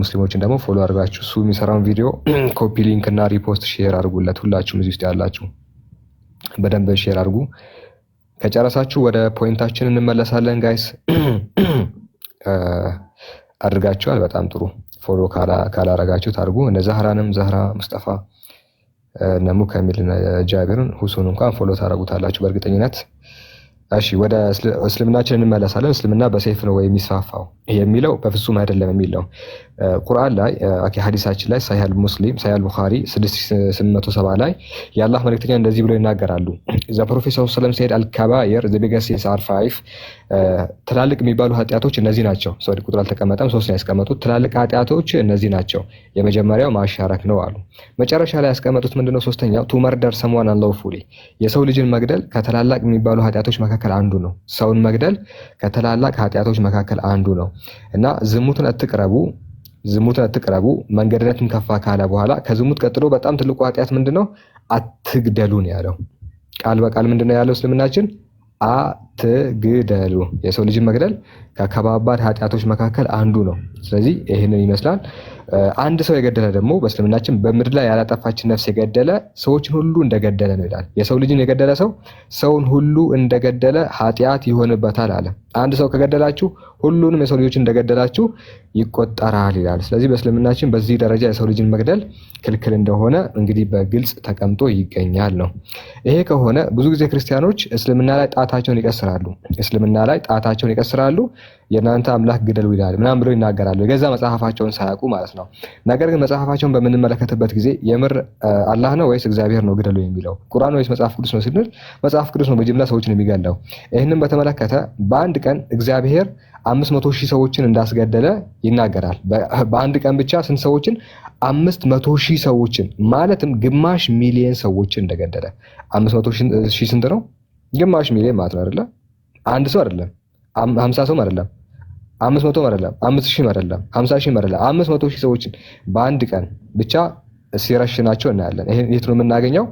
ሙስሊሞችን ደግሞ ፎሎ አድርጋችሁ እሱ የሚሰራውን ቪዲዮ ኮፒ ሊንክ እና ሪፖስት ሼር አድርጉለት። ሁላችሁም እዚህ ውስጥ ያላችሁ በደንብ ሼር አድርጉ። ከጨረሳችሁ ወደ ፖይንታችን እንመለሳለን ጋይስ። አድርጋችኋል፣ በጣም ጥሩ። ፎሎ ካላረጋችሁ አድርጉ። እነ ዛህራንም ዛህራ ሙስጠፋ ነሙ ከሚል ጃቢርን ሁሱን እንኳን ፎሎ ታደረጉታላችሁ በእርግጠኝነት እሺ ወደ እስልምናችን እንመለሳለን። እስልምና በሰይፍ ነው ወይ የሚስፋፋው የሚለው በፍጹም አይደለም የሚለው ቁርአን ላይ ሀዲሳችን ላይ ሳያል ሙስሊም፣ ሳያል ቡኻሪ 6870 ላይ የአላህ መልክተኛ እንደዚህ ብሎ ይናገራሉ። ዘ ፕሮፌሰር ሰለም ሲሄድ አልካባየር ዘ ቢገሴስ ፋይፍ ትላልቅ የሚባሉ ኃጢአቶች እነዚህ ናቸው። ሰው ቁጥር አልተቀመጠም፣ ሶስት ያስቀመጡት። ትላልቅ ኃጢአቶች እነዚህ ናቸው። የመጀመሪያው ማሻረክ ነው አሉ። መጨረሻ ላይ ያስቀመጡት ምንድነው? ሶስተኛው ቱመርደር ሰሞን ሰምዋን የሰው ልጅን መግደል ከትላላቅ የሚባሉ ኃጢአቶች መካከል መካከል አንዱ ነው። ሰውን መግደል ከትላላቅ ኃጢአቶች መካከል አንዱ ነው እና ዝሙትን አትቅረቡ ዝሙትን አትቅረቡ። መንገድነትን ከፋ ካለ በኋላ ከዝሙት ቀጥሎ በጣም ትልቁ ኃጢአት ምንድን ነው? አትግደሉ ነው ያለው። ቃል በቃል ምንድን ነው ያለው እስልምናችን አትግደሉ። የሰው ልጅ መግደል ከከባባድ ኃጢአቶች መካከል አንዱ ነው። ስለዚህ ይህንን ይመስላል። አንድ ሰው የገደለ ደግሞ በእስልምናችን በምድር ላይ ያላጠፋችን ነፍስ የገደለ ሰዎችን ሁሉ እንደገደለ ነው ይላል። የሰው ልጅን የገደለ ሰው ሰውን ሁሉ እንደገደለ ኃጢአት ይሆንበታል አለ። አንድ ሰው ከገደላችሁ ሁሉንም የሰው ልጆች እንደገደላችሁ ይቆጠራል ይላል። ስለዚህ በእስልምናችን በዚህ ደረጃ የሰው ልጅን መግደል ክልክል እንደሆነ እንግዲህ በግልጽ ተቀምጦ ይገኛል ነው። ይሄ ከሆነ ብዙ ጊዜ ክርስቲያኖች እስልምና ላይ ጣታቸውን ይቀስራል። ይቀስራሉ፣ እስልምና ላይ ጣታቸውን ይቀስራሉ። የእናንተ አምላክ ግደሉ ይላል ምናምን ብለው ይናገራሉ፣ የገዛ መጽሐፋቸውን ሳያውቁ ማለት ነው። ነገር ግን መጽሐፋቸውን በምንመለከትበት ጊዜ የምር አላህ ነው ወይስ እግዚአብሔር ነው ግደሉ የሚለው ቁርአን ወይስ መጽሐፍ ቅዱስ ነው ስንል መጽሐፍ ቅዱስ ነው በጅምላ ሰዎችን የሚገለው። ይህንም በተመለከተ በአንድ ቀን እግዚአብሔር አምስት መቶ ሺህ ሰዎችን እንዳስገደለ ይናገራል። በአንድ ቀን ብቻ ስንት ሰዎችን? አምስት መቶ ሺህ ሰዎችን ማለትም ግማሽ ሚሊየን ሰዎችን እንደገደለ። አምስት መቶ ሺህ ስንት ነው? ግማሽ ሚሊየን ማለት ነው አይደለ? አንድ ሰው አይደለም፣ ሀምሳ ሰውም አይደለም፣ አምስት መቶም አይደለም፣ አምስት ሺህም አይደለም፣ ሀምሳ ሺህም አይደለም፣ አምስት መቶ ሺህ ሰዎችን በአንድ ቀን ብቻ ሲረሽናቸው እናያለን። ይህ ነው የምናገኘው።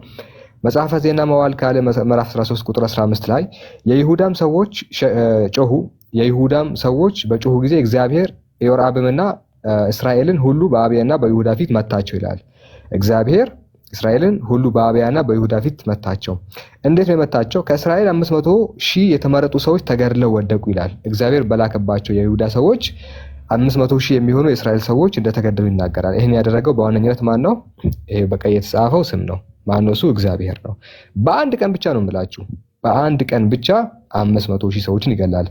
መጽሐፈ ዜና መዋዕል ካልዕ ምዕራፍ 13 ቁጥር 15 ላይ የይሁዳም ሰዎች ጮሁ። የይሁዳም ሰዎች በጮሁ ጊዜ እግዚአብሔር ኢዮርብዓምንና እስራኤልን ሁሉ በአብያና በይሁዳ ፊት መታቸው ይላል እግዚአብሔር እስራኤልን ሁሉ በአብያና በይሁዳ ፊት መታቸው። እንዴት ነው የመታቸው? ከእስራኤል አምስት መቶ ሺህ የተመረጡ ሰዎች ተገድለው ወደቁ ይላል። እግዚአብሔር በላከባቸው የይሁዳ ሰዎች አምስት መቶ ሺህ የሚሆኑ የእስራኤል ሰዎች እንደተገደሉ ይናገራል። ይህን ያደረገው በዋነኝነት ማን ነው? ይሄ በቀይ የተጻፈው ስም ነው። ማነው እሱ? እግዚአብሔር ነው። በአንድ ቀን ብቻ ነው የምላችሁ። በአንድ ቀን ብቻ አምስት መቶ ሺህ ሰዎችን ይገላል።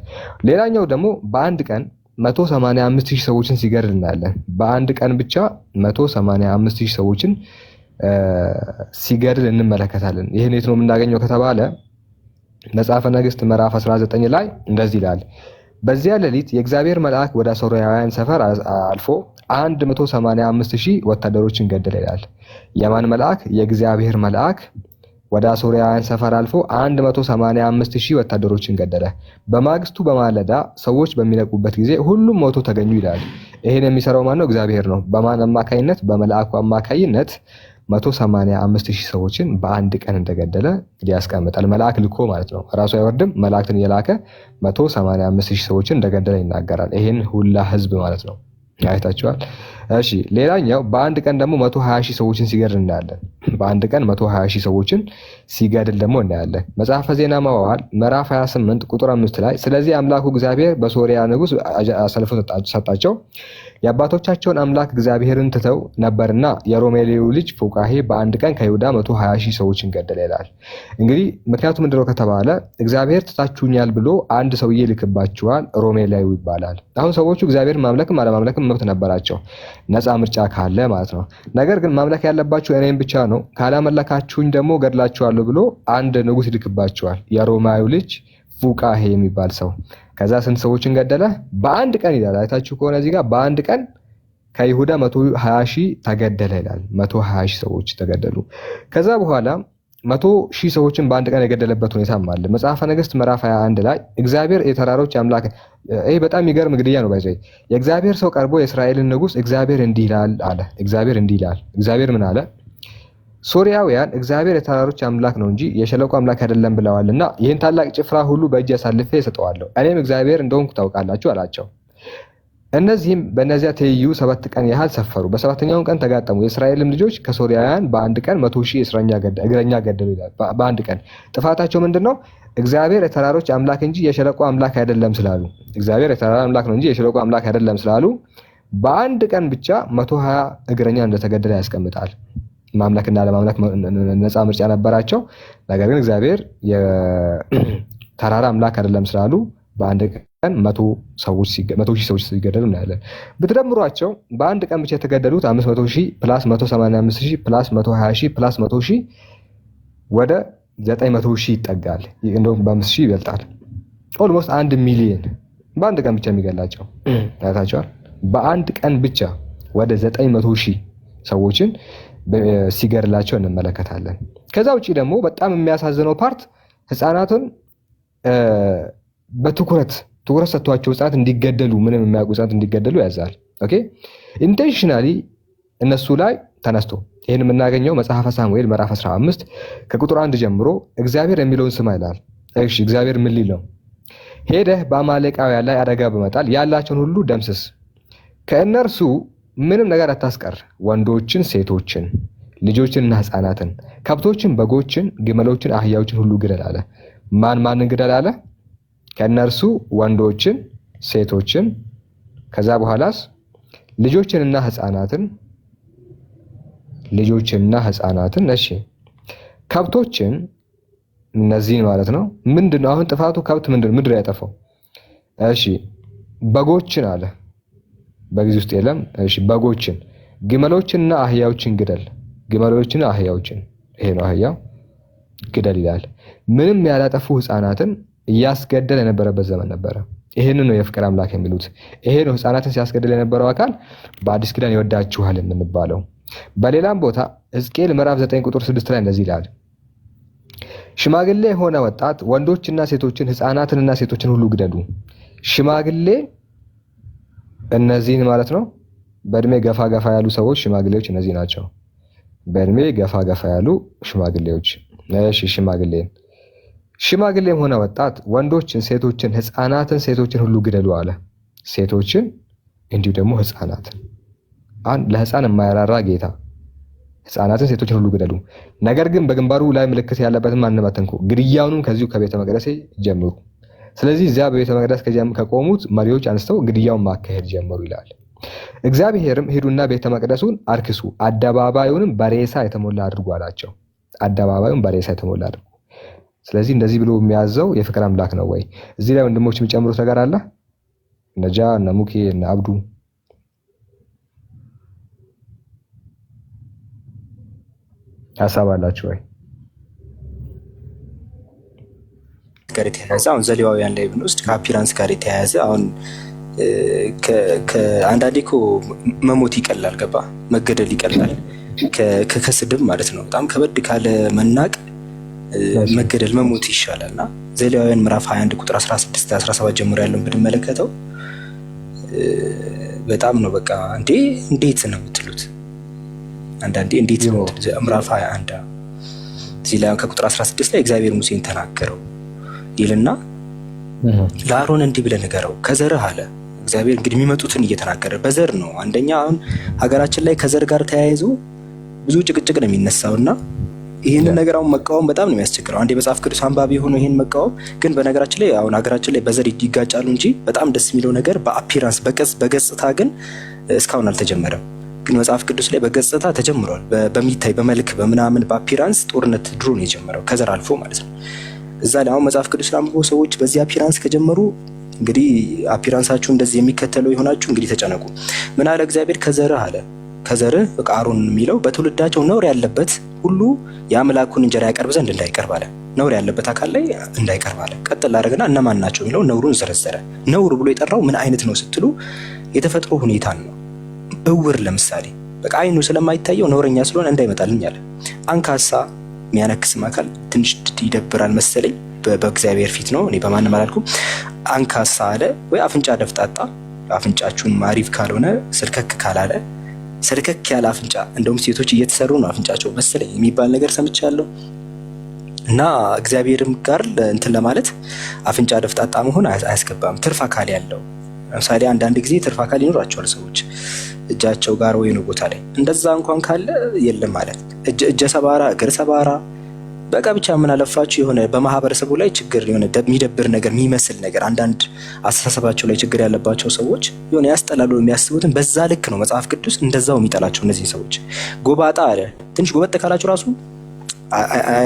ሌላኛው ደግሞ በአንድ ቀን መቶ ሺህ ሰዎችን ሲገድል እናያለን። በአንድ ቀን ብቻ መቶ ሺህ ሰዎችን ሲገድል እንመለከታለን። ይህን የት ነው የምናገኘው ከተባለ መጽሐፈ ነገሥት ምዕራፍ 19 ላይ እንደዚህ ይላል። በዚያ ሌሊት የእግዚአብሔር መልአክ ወደ ሶርያውያን ሰፈር አልፎ 185 ሺህ ወታደሮችን ገደለ ይላል። የማን መልአክ? የእግዚአብሔር መልአክ ወደ አሶርያውያን ሰፈር አልፎ 185 ሺህ ወታደሮችን ገደለ። በማግስቱ በማለዳ ሰዎች በሚለቁበት ጊዜ ሁሉም ሞቶ ተገኙ ይላል። ይህን የሚሰራው ማን ነው? እግዚአብሔር ነው። በማን አማካይነት? በመልአኩ አማካይነት 185 ሺህ ሰዎችን በአንድ ቀን እንደገደለ እንግዲህ ያስቀምጣል። መልአክ ልኮ ማለት ነው። ራሱ አይወርድም። መልአክትን የላከ 185 ሺህ ሰዎችን እንደገደለ ይናገራል። ይህን ሁላ ህዝብ ማለት ነው። አይታችኋል። እሺ ሌላኛው በአንድ ቀን ደግሞ 120 ሺህ ሰዎችን ሲገድል እናያለን። በአንድ ቀን 120 ሺህ ሰዎችን ሲገድል ደግሞ እናያለን። መጽሐፈ ዜና መዋዕል ምዕራፍ 28 ቁጥር 5 ላይ ስለዚህ አምላኩ እግዚአብሔር በሶሪያ ንጉሥ አሳልፎ ሰጣቸው የአባቶቻቸውን አምላክ እግዚአብሔርን ትተው ነበርና የሮሜሌው ልጅ ፎቃሄ በአንድ ቀን ከይሁዳ መቶ ሺህ ሰዎችን ገደለ ይላል። እንግዲህ ምክንያቱ ምንድነው ከተባለ እግዚአብሔር ትታችሁኛል ብሎ አንድ ሰውዬ ልክባችኋል፣ ሮሜሌው ይባላል። አሁን ሰዎቹ እግዚአብሔር ማምለክም አለማምለክም መብት ነበራቸው፣ ነፃ ምርጫ ካለ ማለት ነው። ነገር ግን ማምለክ ያለባችሁ እኔም ብቻ ነው፣ ካላመለካችሁኝ ደግሞ ገድላችኋለሁ ብሎ አንድ ንጉስ ይልክባቸዋል የሮማዩ ልጅ ፉቃሄ የሚባል ሰው ከዛ ስንት ሰዎችን ገደለ? በአንድ ቀን ይላል። አይታችሁ ከሆነ እዚህ ጋር በአንድ ቀን ከይሁዳ 120 ሺ ሺህ ተገደለ ይላል። 120 ሀያ ሺህ ሰዎች ተገደሉ። ከዛ በኋላ 100 ሺህ ሰዎችን በአንድ ቀን የገደለበት ሁኔታም አለ። መጽሐፈ ነገስት ምዕራፍ 21 ላይ እግዚአብሔር የተራሮች አምላክ ይሄ በጣም የሚገርም ግድያ ነው። ባይዘይ የእግዚአብሔር ሰው ቀርቦ የእስራኤልን ንጉስ እግዚአብሔር እንዲህ ይላል አለ። እግዚአብሔር እንዲህ ይላል። እግዚአብሔር ምን አለ? ሶሪያውያን እግዚአብሔር የተራሮች አምላክ ነው እንጂ የሸለቆ አምላክ አይደለም ብለዋል እና ይህን ታላቅ ጭፍራ ሁሉ በእጅ አሳልፌ እሰጠዋለሁ እኔም እግዚአብሔር እንደሆንኩ ታውቃላችሁ አላቸው። እነዚህም በእነዚያ ትይዩ ሰባት ቀን ያህል ሰፈሩ። በሰባተኛውን ቀን ተጋጠሙ። የእስራኤልም ልጆች ከሶሪያውያን በአንድ ቀን መቶ ሺህ እግረኛ ገደሉ ይላል። በአንድ ቀን ጥፋታቸው ምንድን ነው? እግዚአብሔር የተራሮች አምላክ እንጂ የሸለቆ አምላክ አይደለም ስላሉ እግዚአብሔር የተራራ አምላክ ነው እንጂ የሸለቆ አምላክ አይደለም ስላሉ በአንድ ቀን ብቻ መቶ ሀያ እግረኛ እንደተገደለ ያስቀምጣል። ማምለክና ለማምለክ ነፃ ምርጫ ነበራቸው። ነገር ግን እግዚአብሔር የተራራ አምላክ አይደለም ስላሉ በአንድ ቀን መቶ ሺህ ሰዎች ሲገደሉ እናያለን። ብትደምሯቸው በአንድ ቀን ብቻ የተገደሉት አምስት መቶ ሺህ ፕላስ መቶ ሺህ ፕላስ መቶ ሺህ ፕላስ ሺህ ወደ ዘጠኝ ሺህ ይጠጋል። እንደውም በአምስት ሺህ ይበልጣል። ኦልሞስት አንድ ሚሊየን በአንድ ቀን ብቻ የሚገላቸው አይታቸዋል። በአንድ ቀን ብቻ ወደ ዘጠኝ መቶ ሺህ ሰዎችን ሲገድላቸው እንመለከታለን። ከዛ ውጭ ደግሞ በጣም የሚያሳዝነው ፓርት ህፃናቱን በትኩረት ትኩረት ሰጥቷቸው ህፃናት እንዲገደሉ ምንም የሚያውቁ ህፃናት እንዲገደሉ ያዛል። ኦኬ ኢንቴንሽናሊ እነሱ ላይ ተነስቶ ይህን የምናገኘው መጽሐፈ ሳሙኤል ምዕራፍ 15 ከቁጥር አንድ ጀምሮ እግዚአብሔር የሚለውን ስማ ይላል። እሺ እግዚአብሔር ምን ሊል ነው? ሄደህ በአማሌቃውያን ላይ አደጋ በመጣል ያላቸውን ሁሉ ደምስስ ከእነርሱ ምንም ነገር አታስቀር። ወንዶችን፣ ሴቶችን፣ ልጆችንና ህፃናትን፣ ከብቶችን፣ በጎችን፣ ግመሎችን፣ አህያዎችን ሁሉ ግደል አለ። ማን ማንን ግደል አለ? ከእነርሱ ወንዶችን፣ ሴቶችን፣ ከዛ በኋላስ ልጆችንና ህፃናትን ልጆችንና ህፃናትን። እሺ ከብቶችን እነዚህን ማለት ነው። ምንድን ነው አሁን ጥፋቱ? ከብት ምንድን ምድር ያጠፋው? እሺ በጎችን አለ በጊዜ ውስጥ የለም። እሺ በጎችን፣ ግመሎችንና አህያዎችን ግደል። ግመሎችንና አህያዎችን ይሄ ነው አህያ ግደል ይላል። ምንም ያላጠፉ ህፃናትን እያስገደል የነበረበት ዘመን ነበረ። ይሄን ነው የፍቅር አምላክ የሚሉት። ይሄ ነው ህፃናትን ሲያስገድል የነበረው አካል በአዲስ ኪዳን ይወዳችኋል የምንባለው። በሌላም ቦታ ሕዝቅኤል ምዕራፍ 9 ቁጥር 6 ላይ እንደዚህ ይላል፣ ሽማግሌ የሆነ ወጣት ወንዶችና ሴቶችን፣ ህፃናትንና ሴቶችን ሁሉ ግደሉ። ሽማግሌ እነዚህን ማለት ነው። በእድሜ ገፋ ገፋ ያሉ ሰዎች ሽማግሌዎች እነዚህ ናቸው። በእድሜ ገፋ ገፋ ያሉ ሽማግሌዎች። እሺ ሽማግሌን ሽማግሌም ሆነ ወጣት ወንዶችን፣ ሴቶችን፣ ህፃናትን፣ ሴቶችን ሁሉ ግደሉ አለ። ሴቶችን እንዲሁ ደግሞ ህፃናትን። ለህፃን የማያራራ ጌታ ህፃናትን፣ ሴቶችን ሁሉ ግደሉ፣ ነገር ግን በግንባሩ ላይ ምልክት ያለበትን ማንም አትንኩ፣ ግድያውንም ከዚሁ ከቤተ መቅደሴ ጀምሩ። ስለዚህ እዚያ በቤተ መቅደስ ከቆሙት መሪዎች አንስተው ግድያውን ማካሄድ ጀመሩ ይላል። እግዚአብሔርም ሂዱና ቤተ መቅደሱን አርክሱ፣ አደባባዩንም በሬሳ የተሞላ አድርጉ አላቸው። አደባባዩን በሬሳ የተሞላ አድርጉ። ስለዚህ እንደዚህ ብሎ የሚያዘው የፍቅር አምላክ ነው ወይ? እዚህ ላይ ወንድሞች የሚጨምሩት ነገር አለ? እነጃ እነ ሙኬ እነ አብዱ ሀሳብ አላችሁ ወይ? ጋር የተያያዘ አሁን ዘሌዋውያን ላይ ብንወስድ ከአፒራንስ ጋር የተያያዘ አሁን አንዳንዴ ኮ መሞት ይቀላል፣ ገባ መገደል ይቀላል ከስድብ ማለት ነው። በጣም ከበድ ካለ መናቅ መገደል መሞት ይሻላል እና ዘሌዋውያን ምዕራፍ 21 ቁጥር 16 17 ጀምሮ ያለውን ብንመለከተው በጣም ነው በቃ እንዴ እንዴት ነው የምትሉት አንዳንዴ እንዴት ነው ምዕራፍ 21 እዚህ ላይ ከቁጥር 16 ላይ እግዚአብሔር ሙሴን ተናገረው ይልና ለአሮን እንዲህ ብለህ ንገረው ከዘርህ አለ እግዚአብሔር እንግዲህ የሚመጡትን እየተናገረ በዘር ነው። አንደኛ አሁን ሀገራችን ላይ ከዘር ጋር ተያይዞ ብዙ ጭቅጭቅ ነው የሚነሳው እና ይህንን ነገር አሁን መቃወም በጣም ነው የሚያስቸግረው። አንድ የመጽሐፍ ቅዱስ አንባቢ የሆነው ይህን መቃወም ግን በነገራችን ላይ አሁን ሀገራችን ላይ በዘር ይጋጫሉ እንጂ በጣም ደስ የሚለው ነገር በአፒራንስ በገጽታ ግን እስካሁን አልተጀመረም። ግን መጽሐፍ ቅዱስ ላይ በገጽታ ተጀምሯል። በሚታይ በመልክ በምናምን በአፒራንስ ጦርነት ድሮ ነው የጀመረው ከዘር አልፎ ማለት ነው። እዛ ላይ አሁን መጽሐፍ ቅዱስ ላምቦ ሰዎች በዚህ አፒራንስ ከጀመሩ እንግዲህ አፒራንሳችሁ እንደዚህ የሚከተለው የሆናችሁ እንግዲህ ተጨነቁ። ምን አለ እግዚአብሔር? ከዘርህ አለ ከዘርህ በቃ አሮን የሚለው በትውልዳቸው ነውር ያለበት ሁሉ የአምላኩን እንጀራ ያቀርብ ዘንድ እንዳይቀርብ አለ። ነውር ያለበት አካል ላይ እንዳይቀርብ አለ። ቀጥል አደረገና እነማን ናቸው የሚለው ነውሩን ዘረዘረ። ነውር ብሎ የጠራው ምን አይነት ነው ስትሉ የተፈጥሮ ሁኔታን ነው። እውር ለምሳሌ በቃ አይኑ ስለማይታየው ነውረኛ ስለሆነ እንዳይመጣልኝ አለ። አንካሳ የሚያነክስም አካል ትንሽ ይደብራል መሰለኝ። በእግዚአብሔር ፊት ነው፣ እኔ በማንም አላልኩም። አንካሳ አለ ወይ አፍንጫ ደፍጣጣ፣ አፍንጫችሁን አሪፍ ካልሆነ ስልከክ ካላለ ስልከክ ያለ አፍንጫ፣ እንደውም ሴቶች እየተሰሩ ነው አፍንጫቸው መሰለኝ የሚባል ነገር ሰምቻለሁ። እና እግዚአብሔርም ጋር እንትን ለማለት አፍንጫ ደፍጣጣ መሆን አያስገባም። ትርፍ አካል ያለው ለምሳሌ አንዳንድ ጊዜ ትርፍ አካል ይኖራቸዋል ሰዎች እጃቸው ጋር ወይኑ ቦታ ላይ እንደዛ እንኳን ካለ የለም ማለት እጀ ሰባራ እግር ሰባራ በቃ ብቻ ምን አለፋችሁ የሆነ በማህበረሰቡ ላይ ችግር የሆነ የሚደብር ነገር የሚመስል ነገር አንዳንድ አስተሳሰባቸው ላይ ችግር ያለባቸው ሰዎች የሆነ ያስጠላሉ የሚያስቡትን በዛ ልክ ነው መጽሐፍ ቅዱስ እንደዛው የሚጠላቸው እነዚህ ሰዎች። ጎባጣ አለ ትንሽ ጎበጥ ካላችሁ ራሱ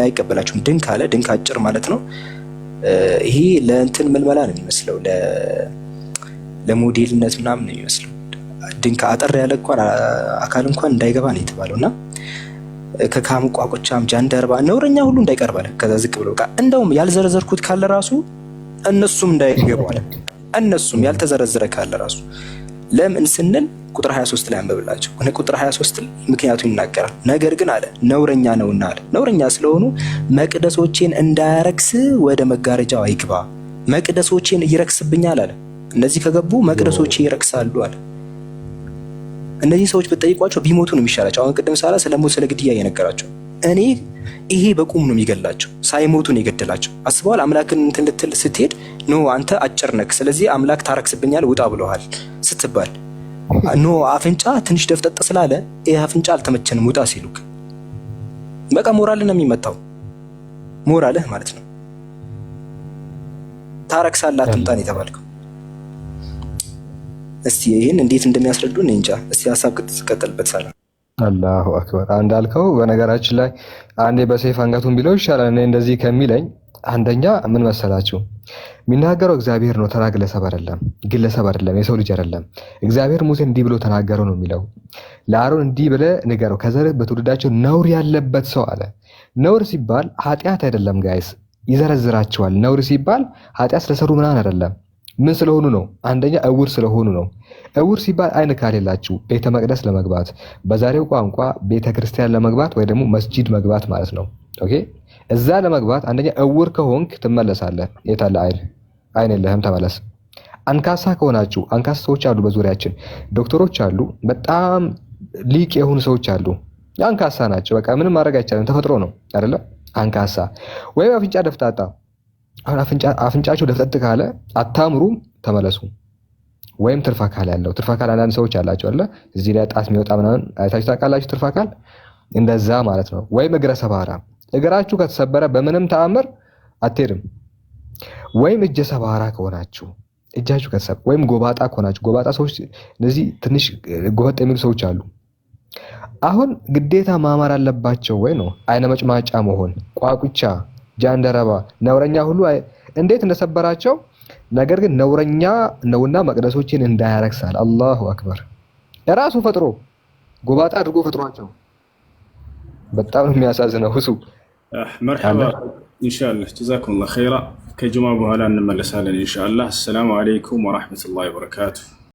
አይቀበላችሁም። ድንክ አለ ድንክ አጭር ማለት ነው። ይሄ ለእንትን ምልመላ ነው የሚመስለው ለሞዴልነት ምናምን ነው የሚመስለው። ድንክ አጠር ያለ እንኳን አካል እንኳን እንዳይገባ ነው የተባለው እና ከካም ቋቁቻም ጃንደርባ ነውረኛ ሁሉ እንዳይቀርብ አለ። ከዛ ዝቅ ብሎ እንደውም ያልዘረዘርኩት ካለ ራሱ እነሱም እንዳይገቡ አለ። እነሱም ያልተዘረዘረ ካለ ራሱ ለምን ስንል ቁጥር 23 ላይ አንብብላቸው። ቁጥር 23 ምክንያቱ ይናገራል። ነገር ግን አለ ነውረኛ ነውና አለ ነውረኛ ስለሆኑ መቅደሶቼን እንዳያረክስ ወደ መጋረጃው አይግባ። መቅደሶቼን ይረክስብኛል አለ። እነዚህ ከገቡ መቅደሶቼ ይረክሳሉ አለ። እነዚህ ሰዎች ብትጠይቋቸው ቢሞቱ ነው የሚሻላቸው። አሁን ቅድም ሳላ ስለሞት ስለ ግድያ እየነገራቸው እኔ ይሄ በቁም ነው የሚገላቸው፣ ሳይሞቱ ነው የገደላቸው። አስበዋል። አምላክን እንትን ልትል ስትሄድ ኖ አንተ አጭር ነክ፣ ስለዚህ አምላክ ታረክስብኛል ውጣ ብለዋል ስትባል ኖ አፍንጫ ትንሽ ደፍጠጥ ስላለ ይህ አፍንጫ አልተመቸንም ውጣ ሲሉክ በቃ ሞራልህ ነው የሚመታው፣ ሞራልህ ማለት ነው። ታረክሳለህ አትምጣን የተባልከው እስቲ ይህን እንዴት እንደሚያስረዱ እኔ እንጃ። እስቲ ሀሳብ ቀጥልበት። ሰላም አላሁ አክበር። እንዳልከው በነገራችን ላይ አንዴ በሰይፍ አንገቱን ቢለው ይሻላል እኔ እንደዚህ ከሚለኝ። አንደኛ ምን መሰላችሁ የሚናገረው እግዚአብሔር ነው፣ ተራ ግለሰብ አይደለም። ግለሰብ አይደለም፣ የሰው ልጅ አይደለም። እግዚአብሔር ሙሴን እንዲህ ብሎ ተናገረው ነው የሚለው። ለአሮን እንዲህ ብለህ ንገረው ከዘርህ በትውልዳቸው ነውር ያለበት ሰው አለ። ነውር ሲባል ኃጢአት አይደለም ጋይስ፣ ይዘረዝራቸዋል። ነውር ሲባል ኃጢአት ስለሰሩ ምናምን አይደለም ምን ስለሆኑ ነው? አንደኛ እውር ስለሆኑ ነው። እውር ሲባል አይን ካሌላችሁ ቤተ መቅደስ ለመግባት በዛሬው ቋንቋ ቤተ ክርስቲያን ለመግባት ወይ ደግሞ መስጂድ መግባት ማለት ነው። ኦኬ እዛ ለመግባት አንደኛ እውር ከሆንክ ትመለሳለህ። የታለ አይን? አይን የለህም፣ ተመለስ። አንካሳ ከሆናችሁ አንካሳ ሰዎች አሉ፣ በዙሪያችን ዶክተሮች አሉ፣ በጣም ሊቅ የሆኑ ሰዎች አሉ። አንካሳ ናቸው። በቃ ምንም ማድረግ አይቻልም፣ ተፈጥሮ ነው አይደለም። አንካሳ ወይም አፍንጫ ደፍጣጣ አሁን አፍንጫቸው ደፍጠጥ ካለ አታምሩ፣ ተመለሱ። ወይም ትርፍ አካል ያለው ትርፍ አካል አንዳንድ ሰዎች አላቸው አለ እዚህ ላይ ጣት የሚወጣ ምናምን አይታችሁ ታውቃላችሁ? ትርፍ አካል እንደዛ ማለት ነው። ወይም እግረ ሰባራ እግራችሁ ከተሰበረ በምንም ተአምር አትሄድም። ወይም እጀ ሰባራ ከሆናችሁ እጃችሁ ከተሰበረ ወይም ጎባጣ ከሆናችሁ ጎባጣ ሰዎች እነዚህ ትንሽ ጎበጥ የሚሉ ሰዎች አሉ። አሁን ግዴታ ማማር አለባቸው ወይ ነው አይነ መጭማጫ መሆን ቋቁቻ ጃንደረባ ነውረኛ ሁሉ እንዴት እንደሰበራቸው ነገር ግን ነውረኛ ነውና መቅደሶችን እንዳያረክሳል። አላሁ አክበር እራሱ ፈጥሮ ጎባጣ አድርጎ ፈጥሯቸው በጣም ነው የሚያሳዝነው። ሁሱ መርሐባ ኢንሻአላህ ጀዛኩሙላህ ኸይራ። ከጁማ በኋላ እንመለሳለን ኢንሻአላህ። አሰላሙ አለይኩም ወራህመቱላሂ ወበረካቱ።